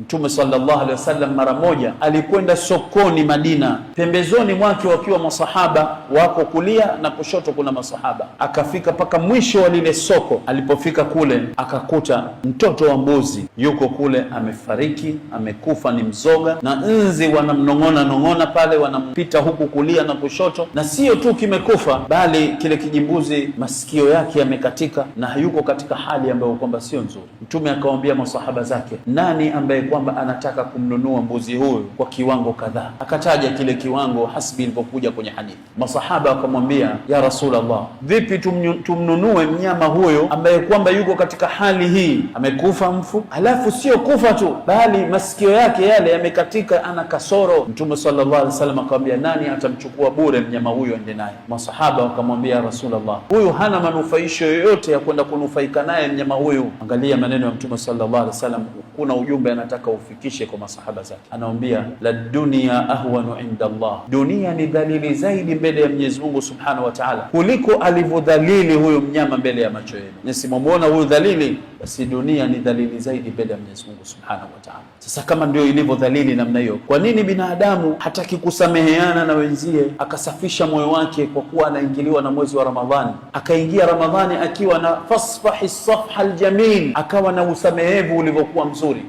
Mtume sallallahu alaihi wasallam mara moja alikwenda sokoni Madina, pembezoni mwake wakiwa masahaba wako kulia na kushoto, kuna masahaba. Akafika mpaka mwisho wa lile soko. Alipofika kule, akakuta mtoto wa mbuzi yuko kule, amefariki, amekufa, ni mzoga, na nzi wanamnong'ona nong'ona pale, wanampita huku kulia na kushoto, na sio tu kimekufa, bali kile kijimbuzi masikio yake yamekatika, na yuko katika hali ambayo kwamba sio nzuri. Mtume akawambia masahaba zake, nani ambaye kwamba anataka kumnunua mbuzi huyu kwa kiwango kadhaa, akataja kile kiwango hasbi ilivyokuja kwenye hadithi. Masahaba wakamwambia ya Rasulullah, vipi tumnunue mnyama huyo ambaye kwamba yuko katika hali hii, amekufa mfu, alafu sio kufa tu, bali masikio yake yale yamekatika, ana kasoro. Mtume sallallahu alaihi wasallam akamwambia, nani atamchukua bure mnyama huyo ende naye? Masahaba wakamwambia ya Rasulullah, huyu hana manufaisho yoyote ya kwenda kunufaika naye mnyama huyu. Angalia maneno ya Mtume sallallahu alaihi wasallam, kuna ujumbe anataka anataka ufikishe kwa masahaba zake, anaambia la dunia ahwanu inda Allah, dunia ni dhalili zaidi mbele ya Mwenyezi Mungu subhanahu wa taala kuliko alivyodhalili huyu mnyama mbele ya macho yenu. Nisimwona huyu dhalili, basi dunia ni dhalili zaidi mbele ya Mwenyezi Mungu subhanahu wa taala. Sasa kama ndio ilivyo dhalili namna hiyo, kwa nini binadamu hataki kusameheana na wenzie akasafisha moyo wake kwa kuwa anaingiliwa na mwezi wa Ramadhani, akaingia Ramadhani akiwa na fasfahi safha aljamil, akawa na usamehevu ulivyokuwa mzuri.